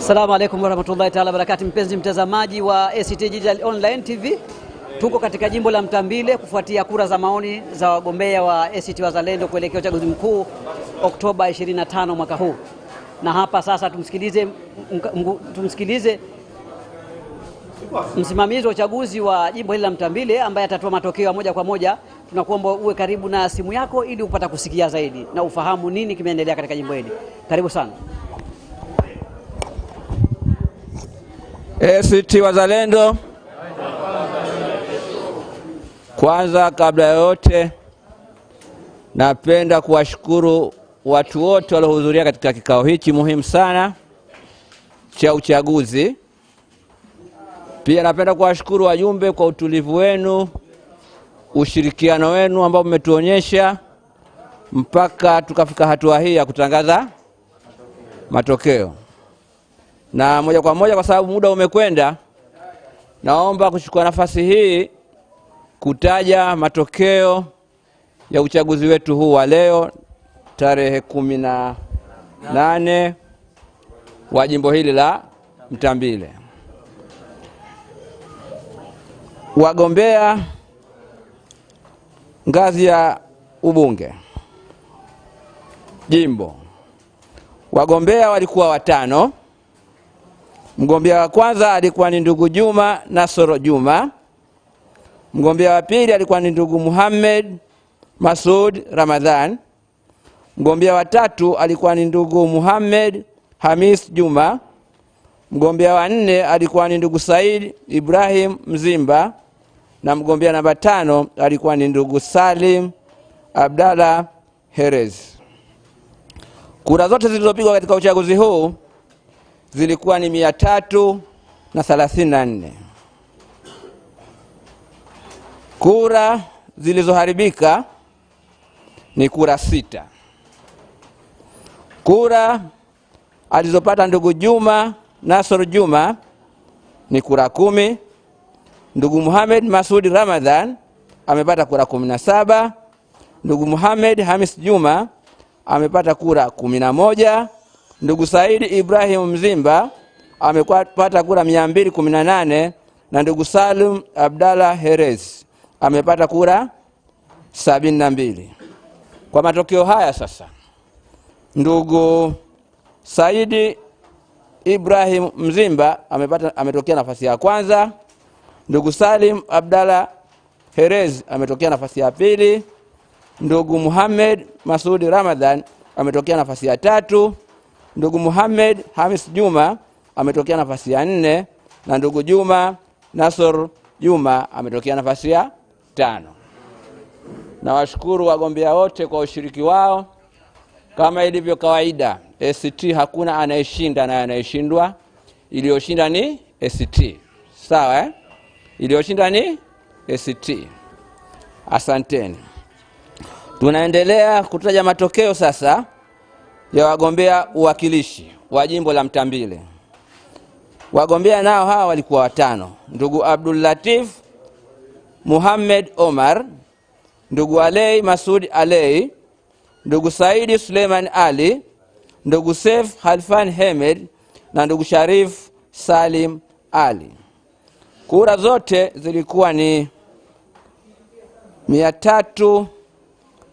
asalamu alaikum warahmatullahi taala wabarakati, mpenzi mtazamaji wa ACT Digital Online TV, tuko katika jimbo la Mtambile kufuatia kura za maoni za wagombea wa ACT Wazalendo kuelekea uchaguzi mkuu Oktoba 25 mwaka huu, na hapa sasa tumsikilize, tumsikilize msimamizi wa uchaguzi wa jimbo hili la Mtambile ambaye atatoa matokeo ya moja kwa moja. Tunakuomba uwe karibu na simu yako ili upata kusikia zaidi na ufahamu nini kimeendelea katika jimbo hili. Karibu sana. ACT Wazalendo kwanza, kabla ya yote, napenda kuwashukuru watu wote waliohudhuria katika kikao hichi muhimu sana cha uchaguzi. Pia napenda kuwashukuru wajumbe kwa utulivu wenu, ushirikiano wenu ambao mmetuonyesha mpaka tukafika hatua hii ya kutangaza matokeo. Na moja kwa moja, kwa sababu muda umekwenda, naomba kuchukua nafasi hii kutaja matokeo ya uchaguzi wetu huu wa leo tarehe kumi na nane wa jimbo hili la Mtambile. Wagombea ngazi ya ubunge jimbo, wagombea walikuwa watano Mgombea wa kwanza alikuwa ni ndugu Juma Nasoro Juma. Mgombea wa pili alikuwa ni ndugu Muhammad Masud Ramadhan. Mgombea wa tatu alikuwa ni ndugu Muhammad Hamis Juma. Mgombea wa nne alikuwa ni ndugu Said Ibrahim Mzimba, na mgombea namba tano alikuwa ni ndugu Salim Abdalla Herez. Kura zote zilizopigwa katika uchaguzi huu zilikuwa ni mia tatu na thelathini na nne kura zilizoharibika ni kura sita. Kura alizopata ndugu Juma nasor Juma ni kura kumi. Ndugu Muhamed Masudi Ramadhan amepata kura kumi na saba. Ndugu Muhamed Hamis Juma amepata kura kumi na moja. Ndugu Saidi Ibrahim Mzimba amepata kura 218 na ndugu Salum Abdalla Heres amepata kura 72. Kwa matokeo haya sasa, ndugu Saidi Ibrahim Mzimba amepata ametokea nafasi ya kwanza, ndugu Salim Abdalla Heres ametokea nafasi ya pili, ndugu Muhammad Masudi Ramadhan ametokea nafasi ya tatu. Ndugu Muhammad Hamis Juma ametokea nafasi ya nne na ndugu Juma Nasor Juma ametokea nafasi ya tano. Nawashukuru wagombea wote kwa ushiriki wao. Kama ilivyo kawaida, ACT hakuna anayeshinda na anayeshindwa, iliyoshinda ni ACT. Sawa eh? Iliyoshinda ni ACT. Asanteni. Tunaendelea kutaja matokeo sasa ya wagombea uwakilishi wa jimbo la Mtambile. Wagombea nao hawa walikuwa watano: ndugu Abdul Latif Muhammed Omar, ndugu Alei Masud Alei, ndugu Saidi Suleiman Ali, ndugu Sef Halfan Hemed na ndugu Sharif Salim Ali. Kura zote zilikuwa ni mia tatu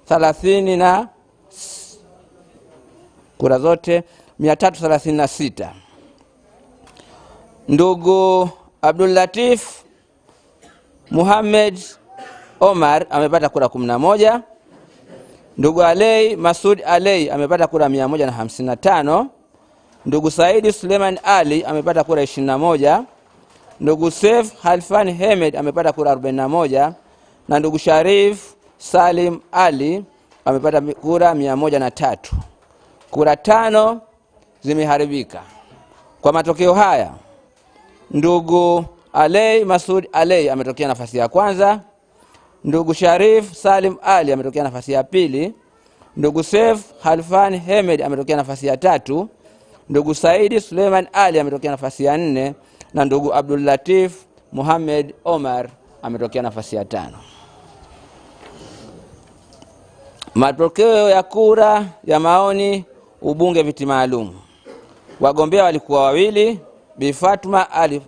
thelathini na kura zote 336. Ndugu Abdul Latif Muhammad Omar amepata kura 11. Ndugu Alei Masud Alei amepata kura 155. Ndugu Saidi Suleiman Ali amepata kura 21. Ndugu Sef Halfani Hemed amepata kura 41 na ndugu Sharif Salim Ali amepata kura 103 kura tano zimeharibika. Kwa matokeo haya, ndugu Alei Masud Alei ametokea nafasi ya kwanza, ndugu Sharif Salim Ali ametokea nafasi ya pili, ndugu sef halfan Hemed ametokea nafasi ya tatu, ndugu Saidi Suleiman Ali ametokea nafasi ya nne na ndugu Abdul Latif Muhamed Omar ametokea nafasi ya tano. Matokeo ya kura ya maoni ubunge viti maalum. Wagombea walikuwa wawili, Bi Fatma Ali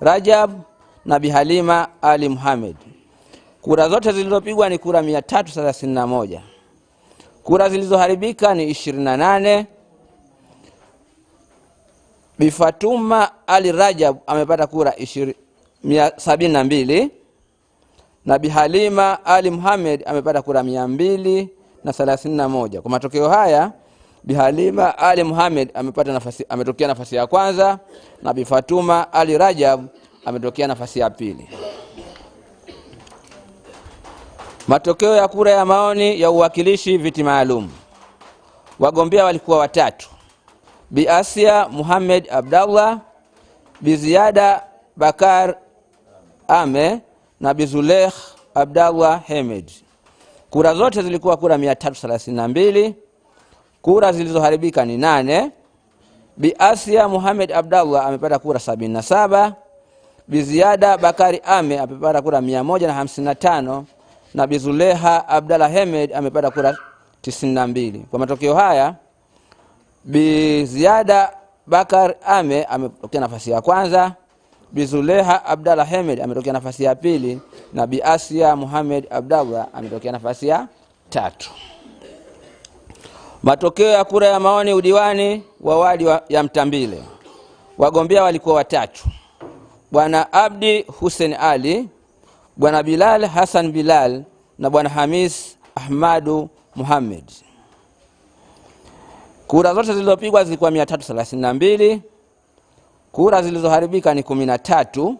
Rajab na Bi Halima Ali Muhamed. Kura zote zilizopigwa ni kura 331. Kura zilizoharibika ni 28. Bi Fatuma Ali Rajab amepata kura 72 na Bi Halima Ali Muhamed amepata kura 231. Kwa matokeo haya Bihalima Ali Muhamed amepata nafasi, ametokea nafasi ya kwanza na Bifatuma Ali Rajab ametokea nafasi ya pili. Matokeo ya kura ya maoni ya uwakilishi viti maalum, wagombea walikuwa watatu: Bi Asia Muhamed Abdallah, Bi Ziada Bakar Ame na Bi Zulekh Abdallah Hemed. Kura zote zilikuwa kura 332 Kura zilizoharibika ni nane. Bi Asia Muhamed Abdallah amepata kura sabini na saba. Bi Ziada Bakari Ame amepata kura mia moja na hamsini na tano na Bi Zuleha Abdallah Hemed amepata kura tisini na mbili. Kwa matokeo haya, Bi Ziada Bakar Ame ametokea nafasi ya kwanza, Bi Zuleha Abdallah Hemed ametokea nafasi ya pili na Bi Asia Muhamed Abdallah ametokea nafasi ya tatu. Matokeo ya kura ya maoni udiwani wa wadi wa ya Mtambile, wagombea walikuwa watatu: bwana Abdi Hussein Ali, bwana Bilal Hassan Bilal na bwana Hamis Ahmadu Muhammad. Kura zote zilizopigwa zilikuwa 332. Kura zilizoharibika ni 13.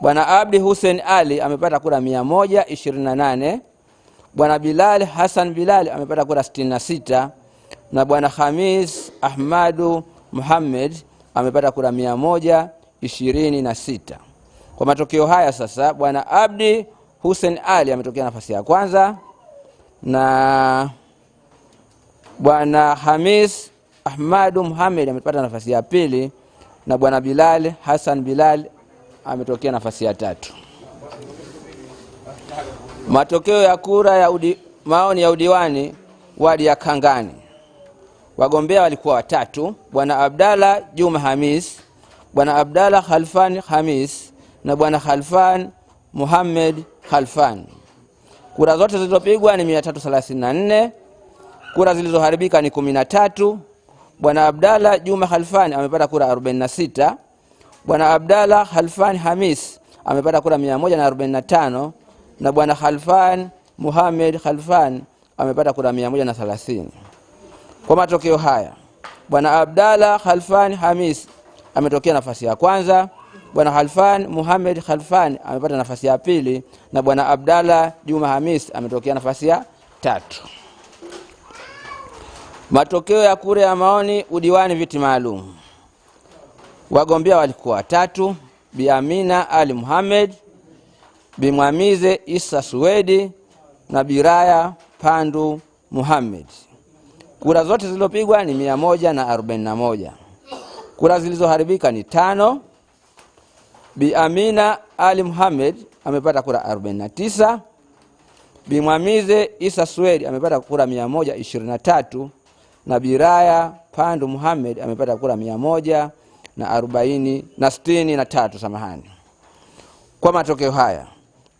Bwana Abdi Hussein Ali amepata kura 128 Bwana Bilal Hassan Bilal amepata kura 66 na Bwana Hamis Ahmadu Muhammed amepata kura 126. Kwa matokeo haya sasa, Bwana Abdi Hussein Ali ametokea nafasi ya kwanza na Bwana Hamis Ahmadu Muhammed amepata nafasi ya pili na Bwana Bilal Hassan Bilal ametokea nafasi ya tatu. Matokeo ya kura ya udi, maoni ya udiwani wadi ya Kangani, wagombea walikuwa watatu: bwana Abdalla Juma Hamis, bwana Abdalla Khalfan Hamis na bwana Khalfan Muhammad Khalfan. Kura zote zilizopigwa ni 334. Kura zilizoharibika ni 13. Bwana Abdalla Juma Khalfan amepata kura 46. Bwana Abdalla Khalfan Hamis amepata kura 145 na bwana Khalfan Muhamed Khalfan amepata kura 130. Kwa matokeo haya bwana Abdalla Khalfan Hamis ametokea nafasi ya kwanza, bwana Khalfan Muhamed Khalfan amepata nafasi ya pili na bwana Abdalla Juma Hamis ametokea nafasi ya tatu. Matokeo ya kura ya maoni udiwani viti maalum, wagombea walikuwa watatu: Bi Amina Ali Muhamed Bimwamize Isa Suwedi na Biraya Pandu Muhammad. Kura zote zilizopigwa ni mia moja na arobaini na moja. Kura zilizoharibika ni tano. Bi Amina Ali Muhammad amepata kura 49. Bimwamize Isa suwedi amepata kura 123 na Biraya Pandu Muhammad amepata kura moja na 40 na 63, samahani. Kwa matokeo haya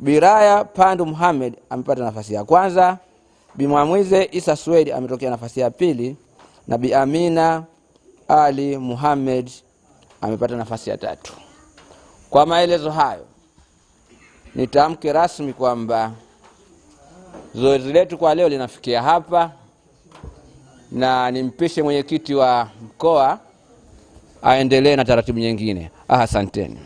Biraya Pandu Muhamed amepata nafasi ya kwanza, Bimwamwize Isa Swedi ametokea nafasi ya pili na Bi Amina Ali Muhammad amepata nafasi ya tatu. Kwa maelezo hayo, nitamke rasmi kwamba zoezi letu kwa leo linafikia hapa, na nimpishe mwenyekiti wa mkoa aendelee na taratibu nyingine. Asanteni.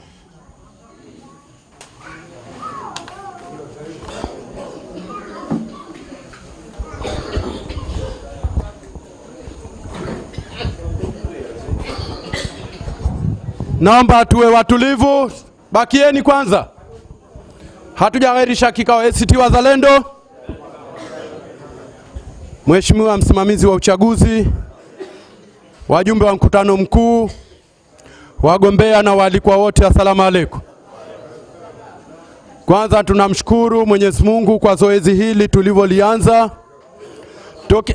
Naomba tuwe watulivu, bakieni kwanza, hatujagairisha kikao ACT Wazalendo. Mheshimiwa msimamizi wa uchaguzi, wajumbe wa mkutano mkuu, wagombea na waalikwa wote, asalamu alaykum. Kwanza tunamshukuru Mwenyezi Mungu kwa zoezi hili tulivyolianza.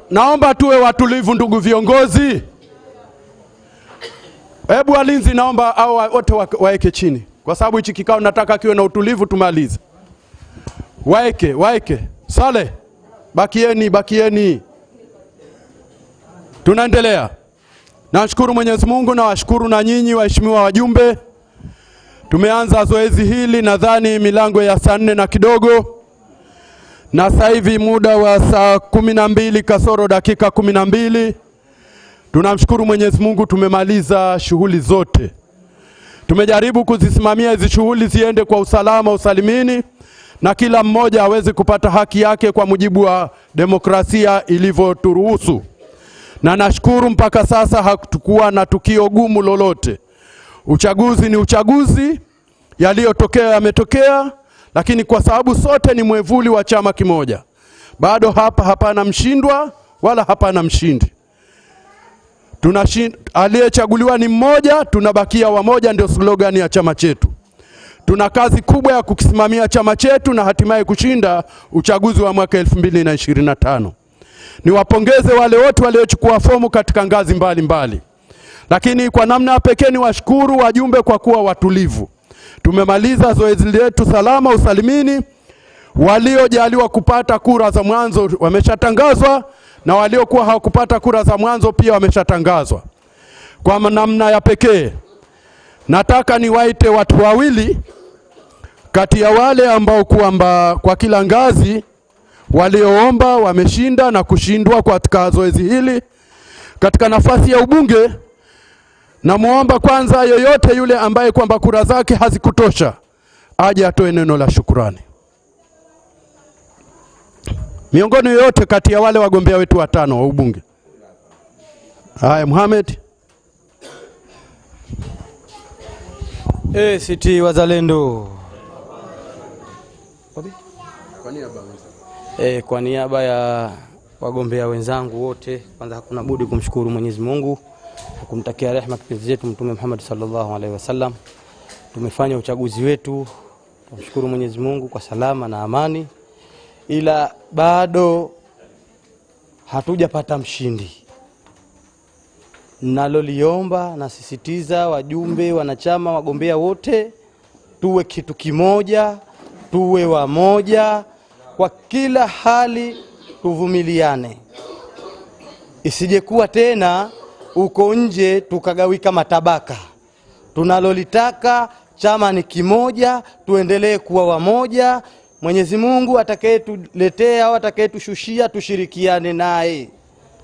Naomba tuwe watulivu, ndugu viongozi. Hebu walinzi, naomba au wote waeke chini, kwa sababu hichi kikao nataka kiwe na utulivu, tumalize. Waeke, waeke. Sale, bakieni, bakieni, tunaendelea. Nashukuru Mwenyezi Mungu na washukuru na nyinyi waheshimiwa wajumbe. Tumeanza zoezi hili nadhani milango ya saa nne na kidogo, na sasa hivi muda wa saa kumi na mbili kasoro dakika kumi na mbili Tunamshukuru Mwenyezi Mungu, tumemaliza shughuli zote. Tumejaribu kuzisimamia hizi shughuli ziende kwa usalama usalimini, na kila mmoja aweze kupata haki yake kwa mujibu wa demokrasia ilivyoturuhusu, na nashukuru mpaka sasa hatukuwa na tukio gumu lolote. Uchaguzi ni uchaguzi, yaliyotokea yametokea, lakini kwa sababu sote ni mwevuli wa chama kimoja, bado hapa hapana mshindwa wala hapana mshindi aliyechaguliwa ni mmoja, tunabakia wamoja, ndio slogani ya chama chetu. Tuna kazi kubwa ya kukisimamia chama chetu na hatimaye kushinda uchaguzi wa mwaka 2025. Niwapongeze wale wote waliochukua fomu katika ngazi mbalimbali mbali. Lakini kwa namna ya pekee niwashukuru wajumbe kwa kuwa watulivu. Tumemaliza zoezi letu salama usalimini. Waliojaliwa kupata kura za mwanzo wameshatangazwa na waliokuwa hawakupata kura za mwanzo pia wameshatangazwa. Kwa namna ya pekee, nataka niwaite watu wawili kati ya wale ambao kwamba kwa kila ngazi walioomba wameshinda na kushindwa katika zoezi hili. Katika nafasi ya ubunge, namwomba kwanza, yoyote yule ambaye kwamba kura zake hazikutosha aje atoe neno la shukurani miongoni yoyote kati ya wale wagombea wetu watano wa ubunge. Haya, Muhammad. ACT hey, Wazalendo hey, eh, kwa niaba ya wagombea wenzangu wote, kwanza hakuna budi kumshukuru Mwenyezi Mungu na kumtakia rehema kipenzi chetu Mtume Muhammad sallallahu alaihi wasallam. Tumefanya uchaguzi wetu, tumshukuru Mwenyezi Mungu kwa salama na amani ila bado hatujapata mshindi. Naloliomba, nasisitiza wajumbe, wanachama, wagombea wote, tuwe kitu kimoja, tuwe wamoja kwa kila hali, tuvumiliane, isijekuwa tena uko nje tukagawika matabaka. Tunalolitaka chama ni kimoja, tuendelee kuwa wamoja mwenyezi mungu atakayetuletea au atakayetushushia tushirikiane naye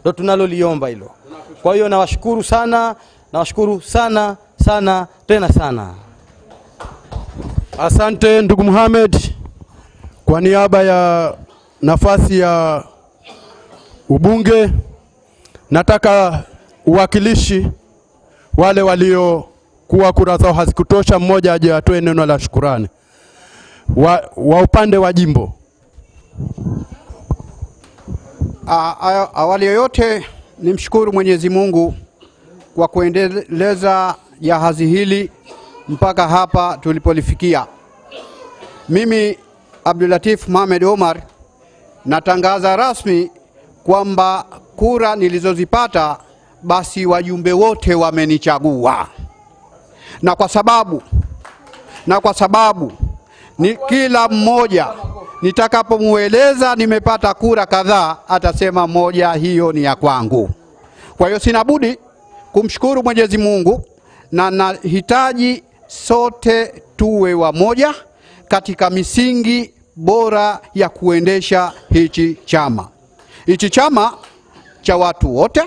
ndo tunaloliomba hilo kwa hiyo nawashukuru sana nawashukuru sana sana tena sana asante ndugu muhamed kwa niaba ya nafasi ya ubunge nataka uwakilishi wale waliokuwa kura zao hazikutosha mmoja aje atoe neno la shukurani wa, wa upande wa jimbo. Awali yoyote nimshukuru Mwenyezi Mungu kwa kuendeleza jahazi hili mpaka hapa tulipolifikia. Mimi Abdulatif Mohamed Omar natangaza rasmi kwamba kura nilizozipata basi wajumbe wote wamenichagua, na kwa sababu na kwa sababu ni kila mmoja nitakapomweleza nimepata kura kadhaa, atasema moja hiyo ni ya kwangu. Kwa hiyo sina budi kumshukuru Mwenyezi Mungu, na nahitaji sote tuwe wamoja katika misingi bora ya kuendesha hichi chama, hichi chama cha watu wote.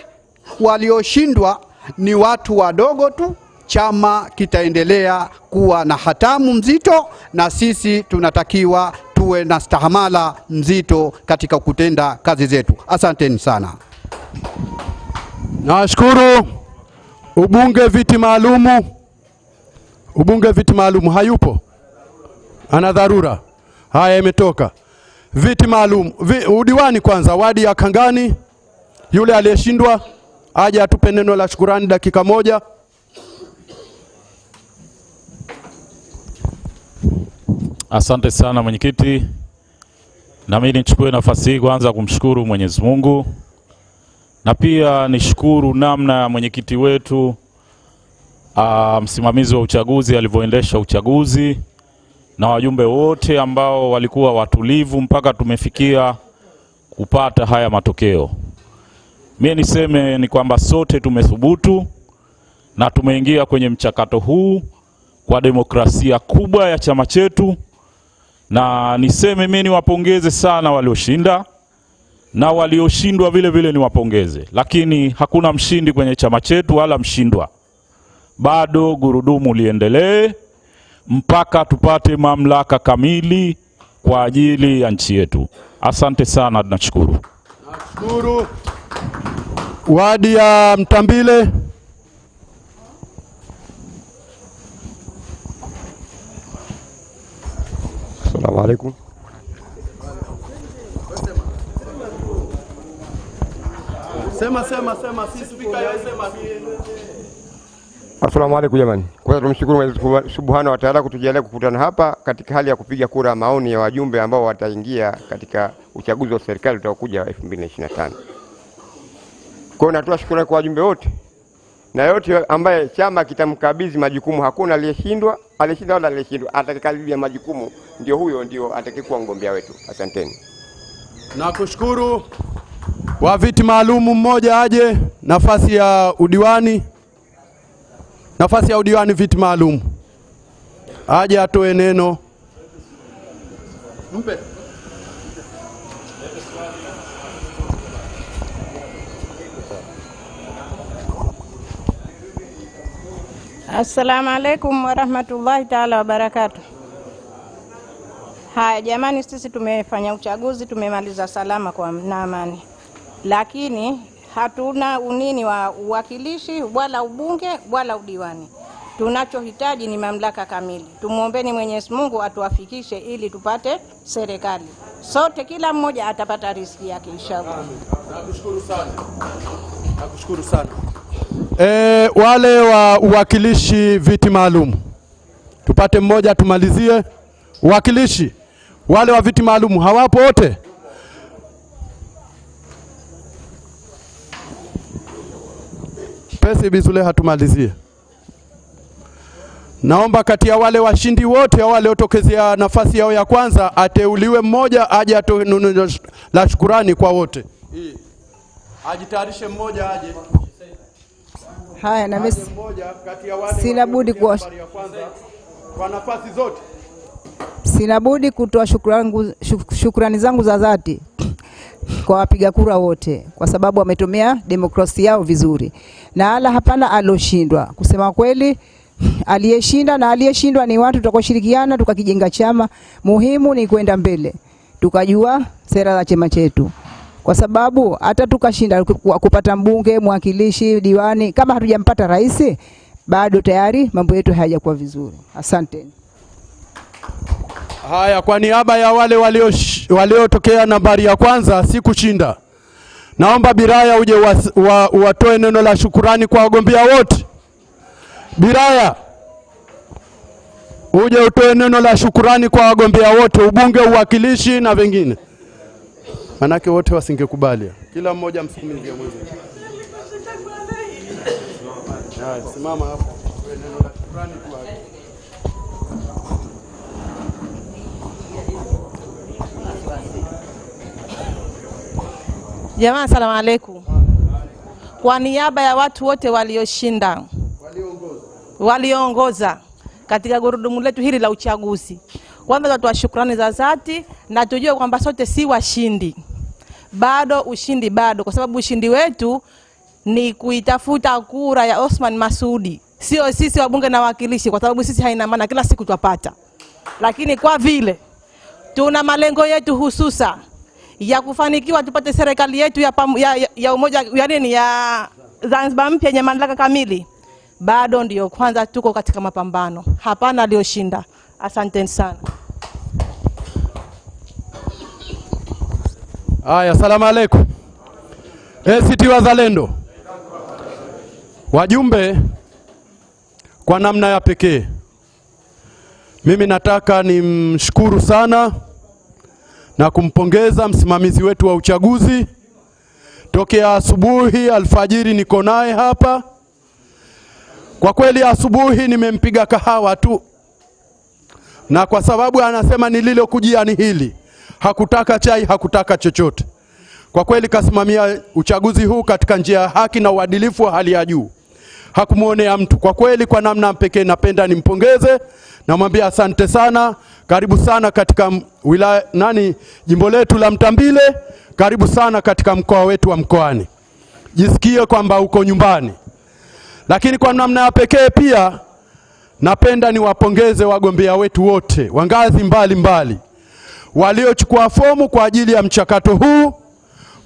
Walioshindwa ni watu wadogo tu chama kitaendelea kuwa na hatamu mzito, na sisi tunatakiwa tuwe na stahamala mzito katika kutenda kazi zetu. Asanteni sana. nawashukuru Ubunge viti maalumu, ubunge viti maalumu hayupo, ana dharura. Haya, imetoka viti maalum. Udiwani kwanza, wadi ya Kangani, yule aliyeshindwa aje atupe neno la shukurani dakika moja. Asante sana mwenyekiti, na mimi nichukue nafasi hii kwanza kumshukuru Mwenyezi Mungu na pia nishukuru namna ya mwenyekiti wetu a, ah, msimamizi wa uchaguzi alivyoendesha uchaguzi na wajumbe wote ambao walikuwa watulivu mpaka tumefikia kupata haya matokeo. Mimi niseme ni kwamba sote tumethubutu na tumeingia kwenye mchakato huu kwa demokrasia kubwa ya chama chetu na niseme mimi niwapongeze sana walioshinda na walioshindwa vile vile niwapongeze, lakini hakuna mshindi kwenye chama chetu wala mshindwa. Bado gurudumu liendelee mpaka tupate mamlaka kamili kwa ajili ya nchi yetu. Asante sana, tunashukuru. Nashukuru. Wadi ya Mtambile. السلام عليكم Sema sema sema, yeye sema. Asalamu alaykum jamani. Kwanza tumshukuru Mwenyezi Mungu Subhanahu wa Ta'ala kutujalia kukutana hapa katika hali ya kupiga kura maoni ya wajumbe ambao wataingia katika uchaguzi wa serikali utaokuja 2025. Kwa hiyo natoa shukrani kwa wajumbe wote na yote ambaye chama kitamkabidhi majukumu, hakuna aliyeshindwa alishinda wala alishindwa, atakayekaribia majukumu ndio huyo, ndio atakayekuwa mgombea wetu. Asanteni. Nakushukuru. Wa viti maalumu mmoja aje, nafasi ya udiwani, nafasi ya udiwani, viti maalumu aje atoe neno, mpe Assalamu alaikum warahmatullahi taala wabarakatu. Haya jamani, sisi tumefanya uchaguzi tumemaliza salama kwa na amani, lakini hatuna unini wa uwakilishi wala ubunge wala udiwani. Tunachohitaji ni mamlaka kamili. Tumwombeni Mwenyezi Mungu atuwafikishe ili tupate serikali sote, kila mmoja atapata riziki yake inshallah. Nakushukuru sana, nakushukuru sana. E, wale wa uwakilishi viti maalum tupate mmoja tumalizie. Uwakilishi wale wa viti maalum hawapo wote? Pesi bizule hatumalizie Naomba kati ya wale washindi wote au waliotokezea nafasi yao ya kwanza ateuliwe mmoja aje atoe neno la shukurani kwa wote. Ajitayarishe mmoja aje. Haya, na mimi sina budi kwa nafasi zote, sina budi kutoa shukrani zangu za dhati kwa wapiga kura wote, kwa sababu wametumia demokrasia yao vizuri, na hala hapana alioshindwa. Kusema kweli, aliyeshinda na aliyeshindwa ni watu, tutakoshirikiana tukakijenga chama. Muhimu ni kwenda mbele, tukajua sera za chama chetu kwa sababu hata tukashinda kupata mbunge, mwakilishi, diwani, kama hatujampata rais bado tayari mambo yetu hayajakuwa vizuri. asante Haya, kwa niaba ya wale waliotokea walio nambari ya kwanza si kushinda, naomba Biraya uje watoe wa, neno la shukurani kwa wagombea wote. Biraya uje utoe neno la shukurani kwa wagombea wote, ubunge, uwakilishi na vingine manake wote wasingekubali, kila mmoja msukumi njia mwenzi. Simama hapo, kwa Jamaa, salamu alaikum. Kwa niaba ya watu wote walioshinda, walioongoza, walioongoza katika gurudumu letu hili la uchaguzi kwanza tutoa shukrani za dhati na tujue kwamba sote si washindi bado, ushindi bado, kwa sababu ushindi wetu ni kuitafuta kura ya Osman Masudi, sio sisi wabunge na wawakilishi, kwa sababu sisi haina maana kila siku twapata, lakini kwa vile tuna malengo yetu hususa ya kufanikiwa tupate serikali yetu ya, pamu, ya, ya, ya umoja ya nini ya Zanzibar mpya yenye mamlaka kamili, bado ndiyo kwanza tuko katika mapambano, hapana aliyoshinda. Asanteni sana. Aya, salamu aleikum ACT Wazalendo, wajumbe, kwa namna ya pekee mimi nataka nimshukuru sana na kumpongeza msimamizi wetu wa uchaguzi. Tokea asubuhi alfajiri niko naye hapa. Kwa kweli asubuhi nimempiga kahawa tu na kwa sababu anasema nililokujia ni hili, hakutaka chai, hakutaka chochote. Kwa kweli kasimamia uchaguzi huu katika njia ya haki na uadilifu wa hali ya juu, hakumwonea mtu. Kwa kweli, kwa namna pekee napenda nimpongeze, namwambia asante sana, karibu sana katika wilaya nani, jimbo letu la Mtambile, karibu sana katika mkoa wetu wa Mkoani, jisikie kwamba uko nyumbani. Lakini kwa namna ya pekee pia Napenda niwapongeze wagombea wetu wote wa ngazi mbalimbali waliochukua fomu kwa ajili ya mchakato huu.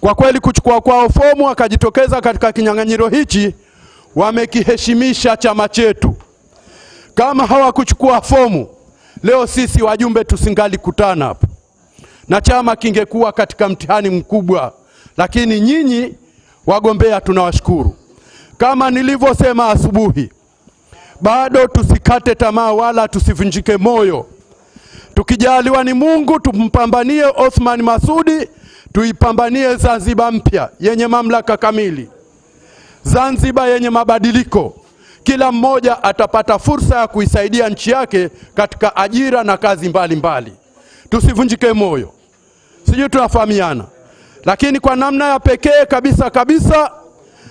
Kwa kweli kuchukua kwao fomu wakajitokeza katika kinyang'anyiro hichi, wamekiheshimisha chama chetu. Kama hawakuchukua fomu leo, sisi wajumbe tusingalikutana hapa na chama kingekuwa katika mtihani mkubwa, lakini nyinyi wagombea tunawashukuru. Kama nilivyosema asubuhi bado tusikate tamaa wala tusivunjike moyo. Tukijaliwa ni Mungu, tumpambanie Othman Masudi, tuipambanie Zanzibar mpya yenye mamlaka kamili, Zanzibar yenye mabadiliko. Kila mmoja atapata fursa ya kuisaidia nchi yake katika ajira na kazi mbalimbali. Tusivunjike moyo, sijui tunafahamiana. Lakini kwa namna ya pekee kabisa kabisa,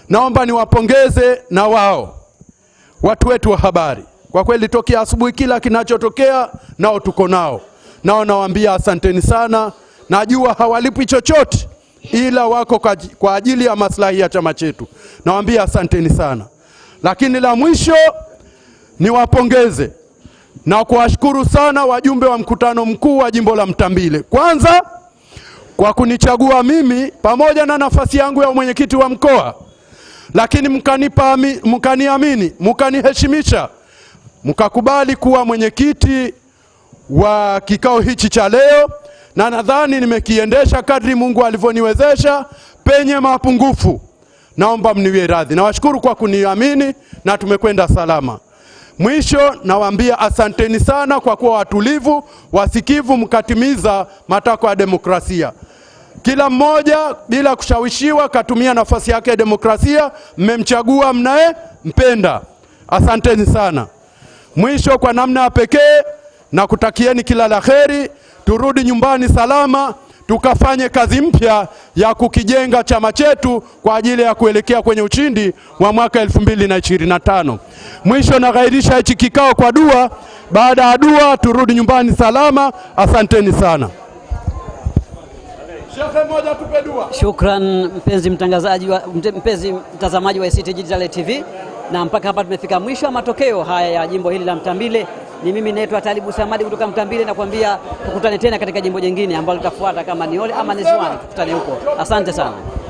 naomba niwapongeze na wao watu wetu wa habari, kwa kweli tokea asubuhi kila kinachotokea nao tuko nao, nao nawaambia asanteni sana. Najua hawalipi chochote, ila wako kwa ajili ya maslahi ya chama chetu, nawaambia asanteni sana. Lakini la mwisho niwapongeze na kuwashukuru sana wajumbe wa mkutano mkuu wa jimbo la Mtambile, kwanza kwa kunichagua mimi pamoja na nafasi yangu ya mwenyekiti wa mkoa lakini mkaniamini, mkaniheshimisha, mkakubali kuwa mwenyekiti wa kikao hichi cha leo, na nadhani nimekiendesha kadri Mungu alivyoniwezesha. Penye mapungufu naomba mniwie radhi. Nawashukuru kwa kuniamini na tumekwenda salama. Mwisho nawaambia asanteni sana kwa kuwa watulivu, wasikivu, mkatimiza matakwa ya demokrasia. Kila mmoja bila kushawishiwa katumia nafasi yake ya demokrasia. Mmemchagua mnaye mpenda. Asanteni sana. Mwisho, kwa namna ya pekee na kutakieni kila la heri, turudi nyumbani salama, tukafanye kazi mpya ya kukijenga chama chetu kwa ajili ya kuelekea kwenye ushindi wa mwaka 2025. Mwisho, naghairisha hichi kikao kwa dua. Baada ya dua, turudi nyumbani salama. Asanteni sana. Shukran mpenzi mtangazaji wa, mpenzi mtazamaji wa ICT Digital TV, na mpaka hapa tumefika mwisho wa matokeo haya ya jimbo hili la Mtambile. Ni mimi naitwa Talibu Samadi kutoka Mtambile, nakwambia tukutane tena katika jimbo jingine ambalo litafuata, kama niole ama Nzwani, tukutane huko. Asante sana.